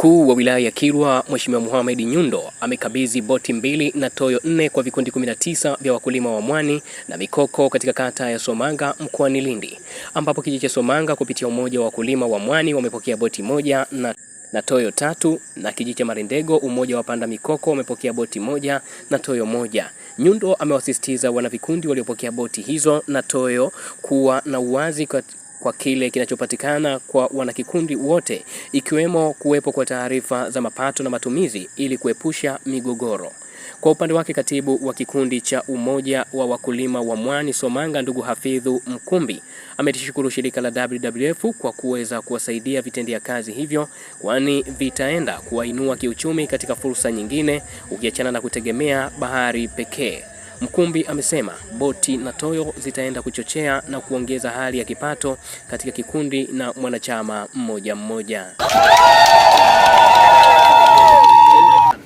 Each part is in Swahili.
Mkuu wa wilaya ya Kilwa Mheshimiwa muhamedi Nyundo amekabidhi boti mbili na toyo nne kwa vikundi 19 vya wakulima wa mwani na mikoko katika kata ya Somanga mkoani Lindi, ambapo kijiji cha Somanga kupitia umoja wa wakulima wa mwani wamepokea boti moja na, na toyo tatu na kijiji cha Marendego umoja wa panda mikoko wamepokea boti moja na toyo moja. Nyundo amewasisitiza wanavikundi waliopokea boti hizo na toyo kuwa na uwazi kwa kile kinachopatikana kwa wanakikundi wote, ikiwemo kuwepo kwa taarifa za mapato na matumizi ili kuepusha migogoro. Kwa upande wake katibu wa kikundi cha umoja wa wakulima wa mwani Somanga, ndugu Hafidhu Mkumbi amelishukuru shirika la WWF kwa kuweza kuwasaidia vitendea kazi hivyo, kwani vitaenda kuwainua kiuchumi katika fursa nyingine, ukiachana na kutegemea bahari pekee. Mkumbi amesema boti na toyo zitaenda kuchochea na kuongeza hali ya kipato katika kikundi na mwanachama mmoja mmoja.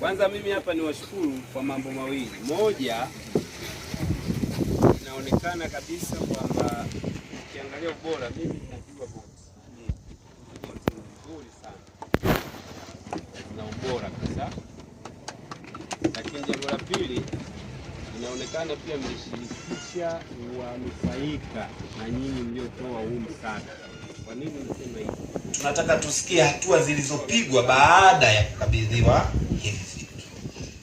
Kwanza mimi hapa niwashukuru kwa mambo mawili. Moja, inaonekana kabisa kwamba ukiangalia ubora, mimi najua boti nzuri sana na ubora kabisa, lakini jambo la pili kanda pia mmeshirikisha wanufaika na nyinyi mliotoa huu msaada. Kwa nini nasema hivi? Tunataka tusikie hatua zilizopigwa baada ya kukabidhiwa hivi vitu.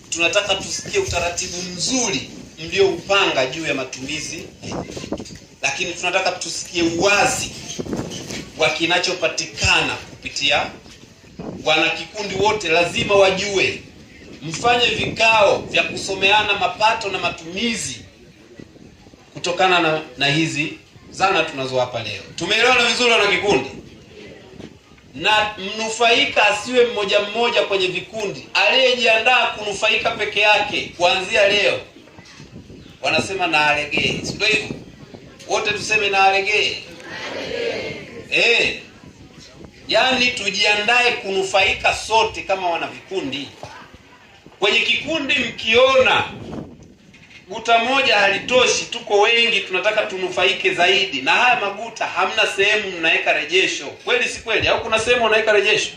Tunataka tusikie utaratibu mzuri mlioupanga juu ya matumizi, lakini tunataka tusikie uwazi wa kinachopatikana kupitia. Wanakikundi wote lazima wajue mfanye vikao vya kusomeana mapato na matumizi kutokana na, na hizi zana tunazowapa leo. Tumeelewana vizuri na kikundi, na mnufaika asiwe mmoja mmoja kwenye vikundi, aliyejiandaa kunufaika peke yake kuanzia leo wanasema na alegee, si ndio? Hivyo wote tuseme na alegee eh, yaani tujiandae kunufaika sote kama wana vikundi. Kwenye kikundi mkiona guta moja halitoshi, tuko wengi, tunataka tunufaike zaidi na haya maguta, hamna sehemu mnaweka rejesho, kweli si kweli? Au kuna sehemu unaweka rejesho?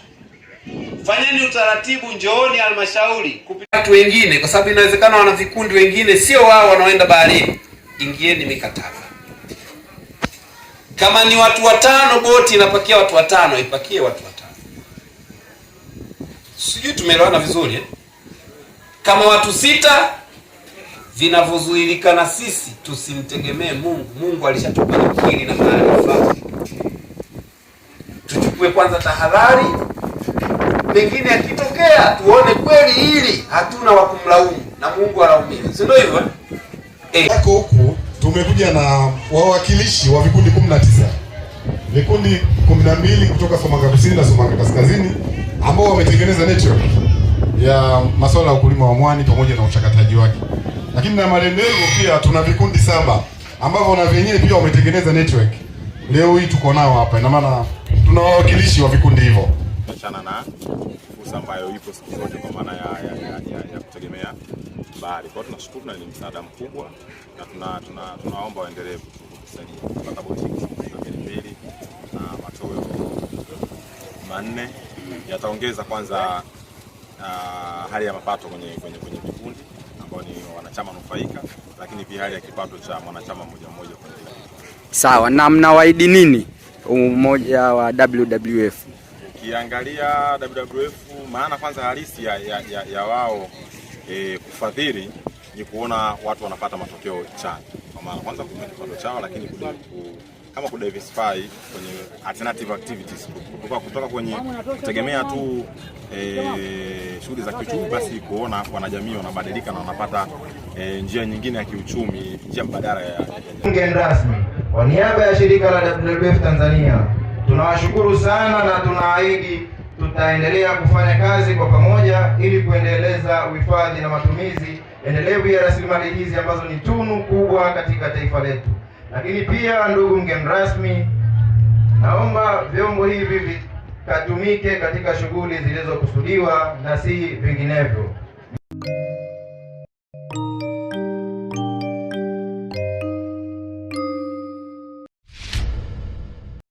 Fanyeni utaratibu, njooni halmashauri kupitia watu wengine, kwa sababu inawezekana wana vikundi wengine, sio wao wanaoenda baharini. Ingieni mikataba, kama ni watu watano, boti inapakia watu watano, ipakie watu watano. Sijui tumeelewana vizuri eh? kama watu sita vinavyozuilika na sisi tusimtegemee Mungu. Mungu alishatupa akili na maarifa, tuchukue kwanza tahadhari, pengine akitokea tuone kweli hili hatuna wa kumlaumu na Mungu alaumini, si ndio hivyo eh? Yako eh. huku tumekuja na wawakilishi wa vikundi 19 vikundi 12 kutoka Somanga Kusini na Somanga Kaskazini ambao wametengeneza network ya masuala ya ukulima wa mwani pamoja na uchakataji wake. Lakini na Marendego pia tuna vikundi saba ambavyo na wenyewe pia wametengeneza network. Leo hii tuko nao hapa, ina maana tuna wawakilishi wa vikundi hivyo achana na fursa ambayo ipo siku zote kwa maana ya, ya, ya, ya, ya kutegemea bali Kwa tunashukuru na ni msaada mkubwa, na tunaomba tuna, tuna waendelee kutusaidia kupata boti mbili na matoweo manne yataongeza kwanza hali ya mapato kwenye kwenye kwenye kikundi ambao ni wanachama nufaika, lakini pia hali ya kipato cha mwanachama mmoja mmoja kwenye kikundi. Sawa, na mnawaidi nini umoja wa WWF? Ukiangalia WWF, maana kwanza halisi ya, ya, ya, ya wao e, kufadhili ni kuona watu wanapata matokeo chanya, kwa maana kwanza kuinua kipato chao, lakini ku kama ku diversify kwenye alternative activities kutoka, kutoka kwenye kutegemea tu e, shughuli za kiuchumi, basi kuona wanajamii wanabadilika na wanapata e, njia nyingine ya kiuchumi, njia mbadala ya mgeni rasmi. Kwa niaba ya shirika la WWF Tanzania tunawashukuru sana na tunaahidi tutaendelea kufanya kazi kwa pamoja ili kuendeleza uhifadhi na matumizi endelevu ya rasilimali hizi ambazo ni tunu kubwa katika taifa letu. Lakini pia ndugu mgeni rasmi, naomba vyombo hivi vikatumike katika shughuli zilizokusudiwa na si vinginevyo.